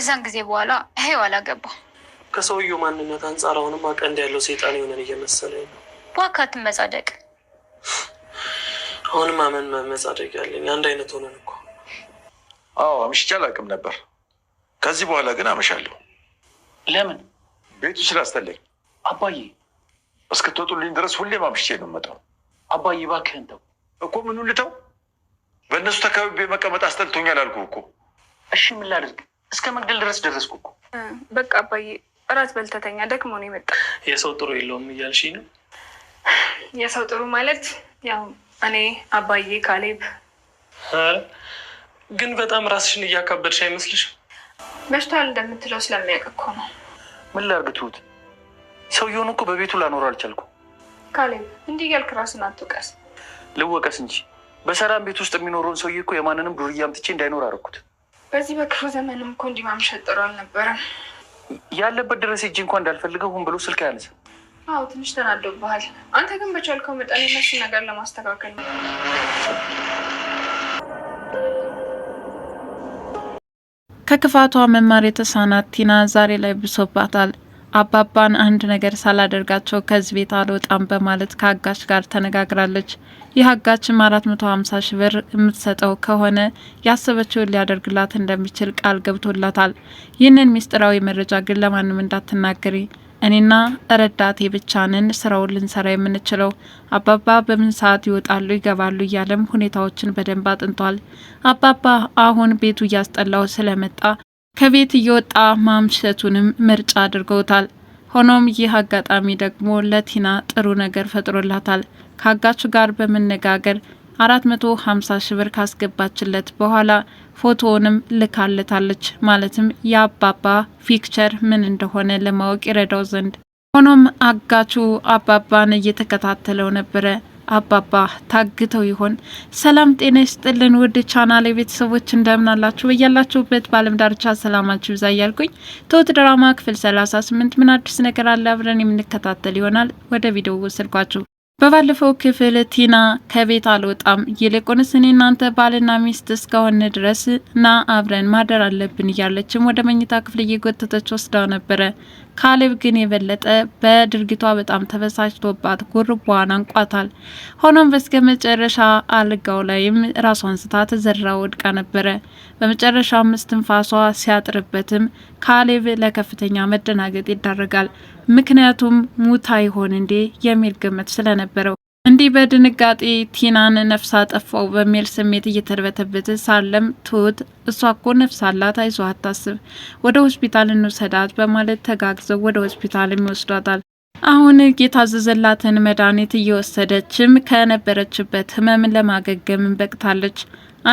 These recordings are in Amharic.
ከዛን ጊዜ በኋላ ይሄው አላገባው። ከሰውየው ማንነት አንጻር አሁንም ቀንድ ያለው ሴጣን የሆነን እየመሰለ ነው። ዋካት መጻደቅ አሁንም አመን መጻደቅ ያለኝ አንድ አይነት ሆነን እኮ። አዎ አምሽቼ አላውቅም ነበር። ከዚህ በኋላ ግን አመሻለሁ። ለምን? ቤቱ ስላስተለኝ አባዬ እስክትወጡልኝ ድረስ ሁሌም አምሽቼ ነው የምመጣው። አባዬ እባክህን ተው እኮ። ምኑን ልተው? በእነሱ ተካባቢ መቀመጥ አስጠልቶኛል አልኩህ እኮ። እሺ ምን ላድርግ? እስከ መግደል ድረስ ደረስኩ እኮ። በቃ አባዬ እራት በልተተኛ ደክሞ ነው የመጣ። የሰው ጥሩ የለውም እያልሽ ነው? የሰው ጥሩ ማለት ያው እኔ አባዬ፣ ካሌብ። ግን በጣም ራስሽን እያካበድሽ አይመስልሽ? በሽታል እንደምትለው ስለሚያውቅ እኮ ነው። ምን ላድርግ ትሁት፣ ሰውየውን እኮ በቤቱ ላኖር አልቻልኩ። ካሌብ፣ እንዲህ እያልክ ራስን አትውቀስ። ልወቀስ እንጂ በሰራም ቤት ውስጥ የሚኖረውን ሰውዬ እኮ የማንንም ዱርያ አምጥቼ እንዳይኖር አደረኩት። በዚህ በክፉ ዘመንም እኮ እንዲህ ማምሸት ጥሩ አልነበረም። ያለበት ድረስ እጅ እንኳ እንዳልፈልገው ሁን ብሎ ስልክ ያነሰ። አዎ ትንሽ ተናዶብሃል። አንተ ግን በቻልከው መጠን የነሱን ነገር ለማስተካከል ነው። ከክፋቷ መማር የተሳናት ቲና ዛሬ ላይ ብሶባታል። አባባን አንድ ነገር ሳላደርጋቸው ከዚህ ቤት አልወጣም በማለት ከአጋች ጋር ተነጋግራለች። ይህ አጋችም አራት መቶ ሀምሳ ሺ ብር የምትሰጠው ከሆነ ያሰበችውን ሊያደርግላት እንደሚችል ቃል ገብቶላታል። ይህንን ሚስጥራዊ መረጃ ግን ለማንም እንዳትናገሪ እኔና ረዳቴ ብቻ ነን ስራውን ልንሰራ የምንችለው። አባባ በምን ሰዓት ይወጣሉ ይገባሉ እያለም ሁኔታዎችን በደንብ አጥንቷል። አባባ አሁን ቤቱ እያስጠላው ስለመጣ ከቤት እየወጣ ማምሸቱንም ምርጫ አድርገውታል። ሆኖም ይህ አጋጣሚ ደግሞ ለቲና ጥሩ ነገር ፈጥሮላታል። ከአጋቹ ጋር በመነጋገር 450 ሺህ ብር ካስገባችለት በኋላ ፎቶውንም ልካለታለች። ማለትም የአባባ ፒክቸር ምን እንደሆነ ለማወቅ ይረዳው ዘንድ። ሆኖም አጋቹ አባባን እየተከታተለው ነበረ። አባባ ታግተው ይሆን? ሰላም ጤና ይስጥልን ውድ ቻናሌ ቤተሰቦች እንደምናላችሁ በያላችሁበት በአለም ዳርቻ ሰላማችሁ ይብዛ እያልኩኝ ትሁት ድራማ ክፍል 38 ምን አዲስ ነገር አለ አብረን የምንከታተል ይሆናል። ወደ ቪዲዮ ወሰድኳችሁ። በባለፈው ክፍል ቲና ከቤት አልወጣም፣ ይልቁንስ እኔ እናንተ ባልና ሚስት እስከሆነ ድረስ ና አብረን ማደር አለብን እያለችም ወደ መኝታ ክፍል እየጎተተች ወስዳው ነበረ። ካሌብ ግን የበለጠ በድርጊቷ በጣም ተበሳጭቶባት ጉርቧን አንቋታል። ሆኖም በስከ መጨረሻ አልጋው ላይም ራሷን ስታ ተዘራ ወድቃ ነበረ። በመጨረሻ አምስት ትንፋሷ ሲያጥርበትም ካሌብ ለከፍተኛ መደናገጥ ይዳረጋል። ምክንያቱም ሙታ ይሆን እንዴ የሚል ግምት ስለነበረው እንዲህ በድንጋጤ ቲናን ነፍስ አጠፋው በሚል ስሜት እየተርበተበተ ሳለም ትሁት እሷ እኮ ነፍስ አላት፣ አታስብ፣ ወደ ሆስፒታል እንውሰዳት በማለት ተጋግዘው ወደ ሆስፒታል ይወስዷታል። አሁን የታዘዘላትን መድኃኒት እየወሰደችም ከነበረችበት ህመም ለማገገም በቅታለች።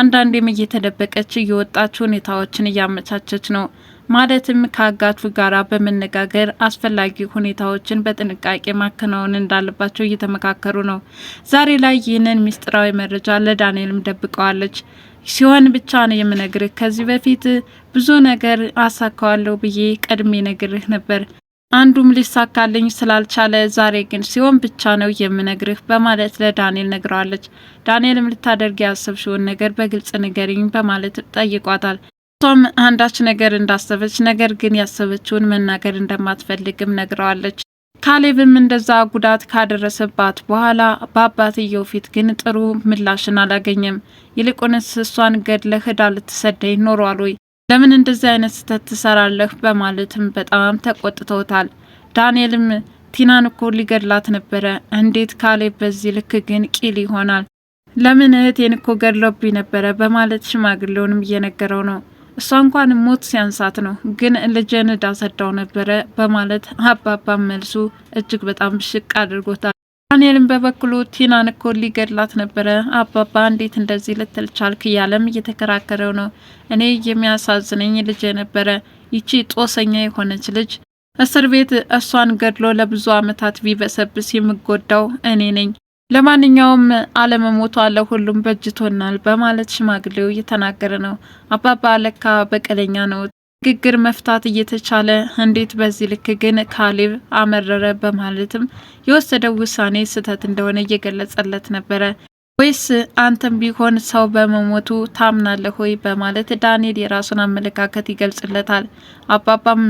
አንዳንዴም እየተደበቀች እየወጣች ሁኔታዎችን እያመቻቸች ነው። ማለትም ከአጋቹ ጋራ በመነጋገር አስፈላጊ ሁኔታዎችን በጥንቃቄ ማከናወን እንዳለባቸው እየተመካከሩ ነው። ዛሬ ላይ ይህንን ሚስጥራዊ መረጃ ለዳንኤልም ደብቀዋለች። ሲሆን ብቻ ነው የምነግርህ። ከዚህ በፊት ብዙ ነገር አሳካዋለሁ ብዬ ቀድሜ ነግርህ ነበር አንዱም ሊሳካልኝ ስላልቻለ ዛሬ ግን ሲሆን ብቻ ነው የምነግርህ በማለት ለዳንኤል ነግረዋለች። ዳንኤልም ልታደርግ ያሰብሽውን ነገር በግልጽ ንገርኝ በማለት ጠይቋታል። እሷም አንዳች ነገር እንዳሰበች ነገር ግን ያሰበችውን መናገር እንደማትፈልግም ነግረዋለች። ካሌብም እንደዛ ጉዳት ካደረሰባት በኋላ በአባትየው ፊት ግን ጥሩ ምላሽን አላገኘም። ይልቁንስ እሷን ገድለህ ዕዳ ልትሰደኝ ኖሯል ወይ? ለምን እንደዚህ አይነት ስህተት ትሰራለህ? በማለትም በጣም ተቆጥተውታል። ዳንኤልም ቲናን እኮ ሊገድላት ነበረ፣ እንዴት ካሌብ በዚህ ልክ ግን ቂል ይሆናል? ለምን እህቴን እኮ ገድለብኝ ነበረ? በማለት ሽማግሌውንም እየነገረው ነው እሷ እንኳን ሞት ሲያንሳት ነው፣ ግን ልጄን ሰዳው ነበረ በማለት አባባ መልሱ እጅግ በጣም ሽቅ አድርጎታል። ዳንኤልም በበኩሉ ቲናን እኮ ሊገድላት ነበረ አባባ እንዴት እንደዚህ ልትል ቻልክ? እያለም እየተከራከረው ነው። እኔ የሚያሳዝነኝ ልጄ ነበረ ይቺ ጦሰኛ የሆነች ልጅ እስር ቤት እሷን ገድሎ ለብዙ ዓመታት ቢበሰብስ የምጎዳው እኔ ነኝ። ለማንኛውም አለመሞቷ ለሁሉም በጅቶናል በማለት ሽማግሌው እየተናገረ ነው። አባባ ለካ በቀለኛ ነው። ንግግር መፍታት እየተቻለ እንዴት በዚህ ልክ ግን ካሌብ አመረረ በማለትም የወሰደው ውሳኔ ስህተት እንደሆነ እየገለጸለት ነበረ። ወይስ አንተም ቢሆን ሰው በመሞቱ ታምናለህ ወይ? በማለት ዳንኤል የራሱን አመለካከት ይገልጽለታል። አባባም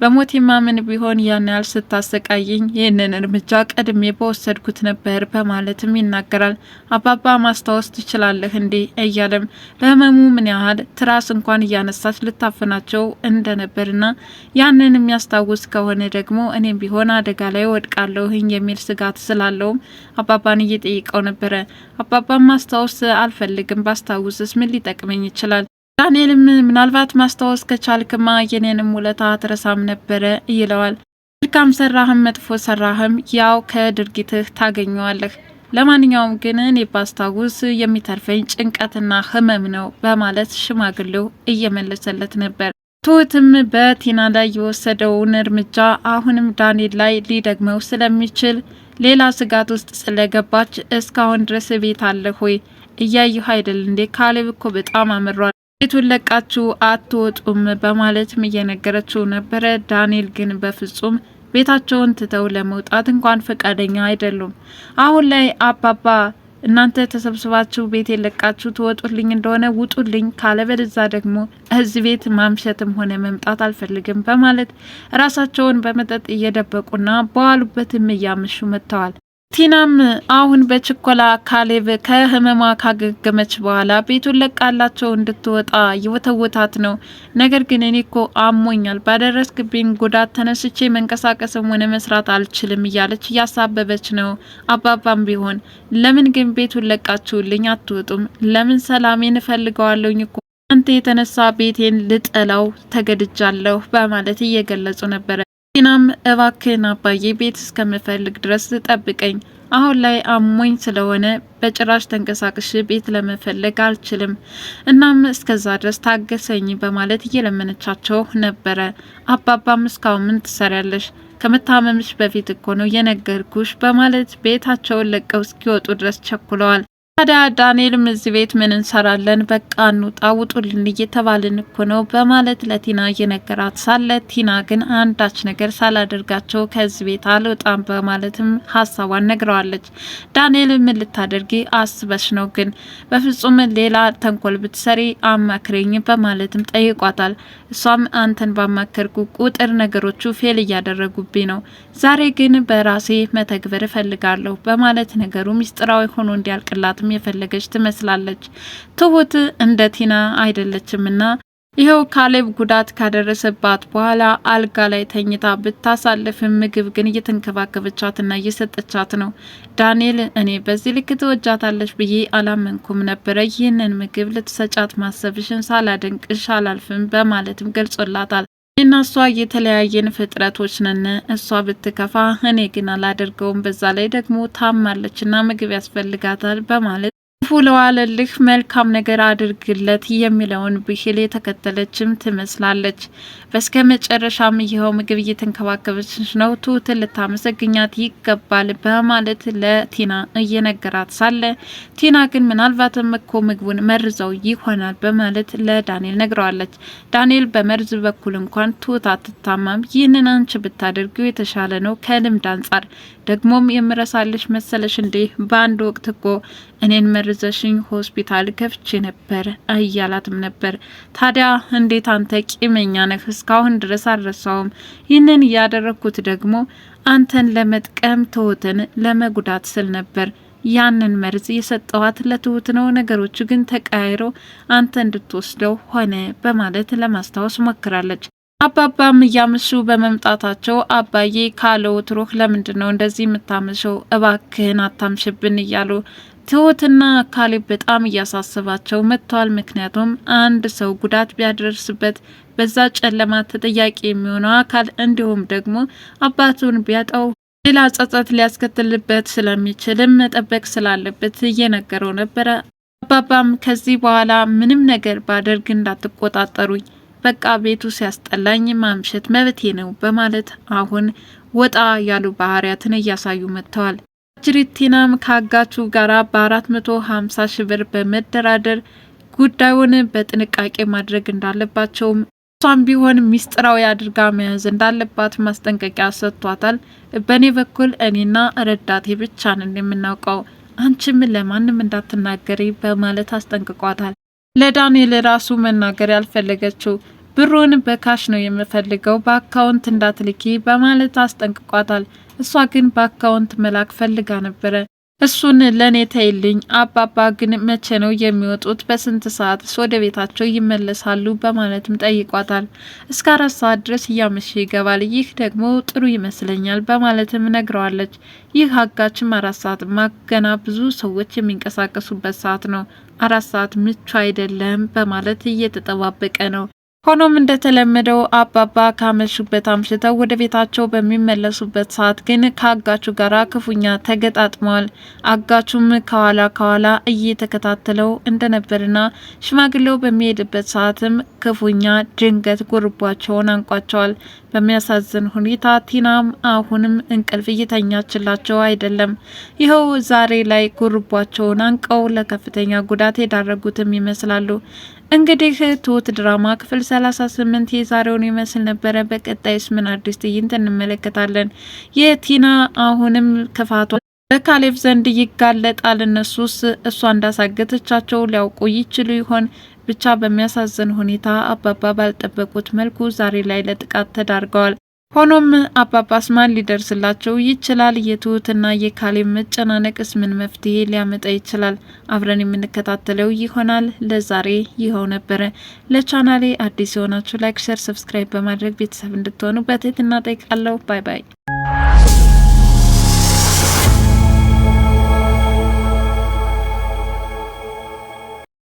በሞት የማምን ቢሆን ያን ያህል ስታሰቃየኝ ይህንን እርምጃ ቀድሜ በወሰድኩት ነበር በማለትም ይናገራል። አባባ ማስታወስ ትችላለህ እንዴ? እያለም በህመሙ ምን ያህል ትራስ እንኳን እያነሳች ልታፍናቸው እንደነበርና ያንን የሚያስታውስ ከሆነ ደግሞ እኔም ቢሆን አደጋ ላይ ወድቃለሁኝ የሚል ስጋት ስላለውም አባባን እየጠየቀው ነበረ። አባባን ማስታወስ አልፈልግም፣ ባስታውስስ ምን ሊጠቅመኝ ይችላል? ዳንኤልም ምናልባት ማስታወስ ከቻልክማ የኔንም ውለታ ትረሳም ነበረ ይለዋል። መልካም ሰራህም መጥፎ ሰራህም ያው ከድርጊትህ ታገኘዋለህ። ለማንኛውም ግን እኔ ባስታውስ የሚተርፈኝ ጭንቀትና ህመም ነው በማለት ሽማግሌው እየመለሰለት ነበር። ትሁትም በቲና ላይ የወሰደውን እርምጃ አሁንም ዳንኤል ላይ ሊደግመው ስለሚችል ሌላ ስጋት ውስጥ ስለገባች እስካሁን ድረስ ቤት አለ ሆይ እያየሁ አይደል እንዴ ካሌብ እኮ በጣም አምሯል ቤቱን ለቃችሁ አትወጡም በማለትም እየነገረችው ነበረ። ዳንኤል ግን በፍጹም ቤታቸውን ትተው ለመውጣት እንኳን ፈቃደኛ አይደሉም። አሁን ላይ አባባ እናንተ ተሰብስባችሁ ቤት የለቃችሁ ትወጡልኝ እንደሆነ ውጡልኝ፣ ካለበደዛ ደግሞ እዚህ ቤት ማምሸትም ሆነ መምጣት አልፈልግም በማለት ራሳቸውን በመጠጥ እየደበቁና በዋሉበትም እያመሹ መጥተዋል። ቲናም አሁን በችኮላ ካሌብ ከህመማ ካገገመች በኋላ ቤቱን ለቃላቸው እንድትወጣ የወተወታት ነው። ነገር ግን እኔ እኮ አሞኛል፣ ባደረስክብኝ ጉዳት ተነስቼ መንቀሳቀስም ሆነ መስራት አልችልም እያለች እያሳበበች ነው። አባባም ቢሆን ለምን ግን ቤቱን ለቃችሁልኝ አትወጡም? ለምን ሰላሜን እፈልገዋለሁኝ እኮ አንተ የተነሳ ቤቴን ልጠላው ተገድጃለሁ በማለት እየገለጹ ነበረ። ቲናም እባክህን አባዬ ቤት እስከምፈልግ ድረስ ጠብቀኝ፣ አሁን ላይ አሞኝ ስለሆነ በጭራሽ ተንቀሳቅሽ ቤት ለመፈለግ አልችልም፣ እናም እስከዛ ድረስ ታገሰኝ በማለት እየለመነቻቸው ነበረ። አባባም እስካሁን ምን ትሰሪያለሽ? ከመታመምሽ በፊት እኮ ነው የነገርኩሽ በማለት ቤታቸውን ለቀው እስኪወጡ ድረስ ቸኩለዋል። ታዲያ ዳንኤልም እዚህ ቤት ምን እንሰራለን፣ በቃ እንውጣ፣ ውጡልን እየተባልን እኮ ነው በማለት ለቲና እየነገራት ሳለ ቲና ግን አንዳች ነገር ሳላደርጋቸው ከዚህ ቤት አልወጣም በማለትም ሀሳቧን ነግረዋለች። ዳንኤል ምን ልታደርጊ አስበሽ ነው ግን በፍጹም ሌላ ተንኮል ብትሰሪ አማክረኝ በማለትም ጠይቋታል። እሷም አንተን ባማከርኩ ቁጥር ነገሮቹ ፌል እያደረጉብኝ ነው፣ ዛሬ ግን በራሴ መተግበር እፈልጋለሁ በማለት ነገሩ ሚስጥራዊ ሆኖ እንዲያልቅላትም ማንም የፈለገች ትመስላለች። ትሁት እንደ ቲና አይደለችምና ይኸው ካሌብ ጉዳት ካደረሰባት በኋላ አልጋ ላይ ተኝታ ብታሳልፍም ምግብ ግን እየተንከባከበቻትና እየሰጠቻት ነው። ዳንኤል እኔ በዚህ ልክ ትወጃታለች ብዬ አላመንኩም ነበረ፣ ይህንን ምግብ ልትሰጫት ማሰብሽን ሳላደንቅሽ አላልፍም በማለትም ገልጾላታል። እና እሷ የተለያየን ፍጥረቶች ነን። እሷ ብትከፋ እኔ ግን አላደርገውም። በዛ ላይ ደግሞ ታማለች እና ምግብ ያስፈልጋታል በማለት ክፉ ለዋለልህ መልካም ነገር አድርግለት የሚለውን ብሂል የተከተለችም ትመስላለች። በስከ መጨረሻም ይኸው ምግብ እየተንከባከበች ነው፣ ትሁትን ልታመሰግኛት ይገባል በማለት ለቲና እየነገራት ሳለ ቲና ግን ምናልባትም እኮ ምግቡን መርዘው ይሆናል በማለት ለዳንኤል ነግረዋለች። ዳንኤል በመርዝ በኩል እንኳን ትሁት አትታማም፣ ይህንን አንቺ ብታደርጊው የተሻለ ነው ከልምድ አንጻር ደግሞም የምረሳለሽ መሰለሽ እንዴ በአንድ ወቅት እኮ እኔን መርዘሽኝ ሆስፒታል ከፍቼ ነበር እያላትም ነበር። ታዲያ እንዴት አንተ ቂመኛ ነህ? እስካሁን ድረስ አልረሳውም። ይህንን እያደረግኩት ደግሞ አንተን ለመጥቀም ትሁትን ለመጉዳት ስል ነበር። ያንን መርዝ የሰጠዋት ለትሁት ነው። ነገሮች ግን ተቀያይሮ አንተ እንድትወስደው ሆነ በማለት ለማስታወስ ሞክራለች። አባባም እያመሹ በመምጣታቸው አባዬ ካለወትሮህ ለምንድን ነው እንደዚህ የምታመሸው? እባክህን አታምሽብን እያሉ ትሁትና ካሌብ በጣም እያሳሰባቸው መጥተዋል። ምክንያቱም አንድ ሰው ጉዳት ቢያደርስበት በዛ ጨለማ ተጠያቂ የሚሆነው አካል እንዲሁም ደግሞ አባቱን ቢያጣው ሌላ ጸጸት ሊያስከትልበት ስለሚችልም መጠበቅ ስላለበት እየነገረው ነበረ። አባባም ከዚህ በኋላ ምንም ነገር ባደርግ እንዳትቆጣጠሩኝ በቃ ቤቱ ሲያስጠላኝ ማምሸት መብቴ ነው በማለት አሁን ወጣ ያሉ ባህሪያትን እያሳዩ መጥተዋል። ጅሪቲናም ከአጋቹ ጋር በ450 ብር በመደራደር ጉዳዩን በጥንቃቄ ማድረግ እንዳለባቸውም እሷም ቢሆን ሚስጥራዊ አድርጋ መያዝ እንዳለባት ማስጠንቀቂያ ሰጥቷታል። በእኔ በኩል እኔና ረዳቴ ብቻ ነን የምናውቀው፣ አንቺም ለማንም እንዳትናገሪ በማለት አስጠንቅቋታል። ለዳንኤል ራሱ መናገር ያልፈለገችው ብሩን በካሽ ነው የምፈልገው በአካውንት እንዳትልኪ በማለት አስጠንቅቋታል። እሷ ግን በአካውንት መላክ ፈልጋ ነበረ። እሱን ለእኔ ተይልኝ። አባባ ግን መቼ ነው የሚወጡት? በስንት ሰዓት ወደ ቤታቸው ይመለሳሉ? በማለትም ጠይቋታል። እስከ አራት ሰዓት ድረስ እያመሸ ይገባል፣ ይህ ደግሞ ጥሩ ይመስለኛል በማለትም ነግረዋለች። ይህ አጋችም አራት ሰዓት ማገና ብዙ ሰዎች የሚንቀሳቀሱበት ሰዓት ነው፣ አራት ሰዓት ምቹ አይደለም በማለት እየተጠባበቀ ነው። ሆኖም እንደተለመደው አባባ ካመሹበት አምሽተው ወደ ቤታቸው በሚመለሱበት ሰዓት ግን ከአጋቹ ጋር ክፉኛ ተገጣጥመዋል። አጋቹም ከኋላ ከኋላ እየተከታተለው እንደነበርና ሽማግሌው በሚሄድበት ሰዓትም ክፉኛ ድንገት ጉርቧቸውን አንቋቸዋል። በሚያሳዝን ሁኔታ ቲናም አሁንም እንቅልፍ እየተኛችላቸው አይደለም። ይኸው ዛሬ ላይ ጉርቧቸውን አንቀው ለከፍተኛ ጉዳት የዳረጉትም ይመስላሉ። እንግዲህ ትሁት ድራማ ክፍል 38 የዛሬውን ይመስል ነበረ። በቀጣይስ ምን አዲስ ትዕይንት እንመለከታለን? የቲና አሁንም ክፋቷ በካሌብ ዘንድ ይጋለጣል። እነሱስ እሷ እንዳሳገተቻቸው ሊያውቁ ይችሉ ይሆን? ብቻ በሚያሳዝን ሁኔታ አባባ ባልጠበቁት መልኩ ዛሬ ላይ ለጥቃት ተዳርገዋል። ሆኖም አባባ አስማን ሊደርስላቸው ይችላል? የትሁትና የካሌብ መጨናነቅስ ምን መፍትሄ ሊያመጣ ይችላል? አብረን የምንከታተለው ይሆናል። ለዛሬ ይኸው ነበረ። ለቻናሌ አዲስ የሆናችሁ ላይክ፣ ሸር፣ ሰብስክራይብ በማድረግ ቤተሰብ እንድትሆኑ በትህትና ጠይቃለሁ። ባይ ባይ።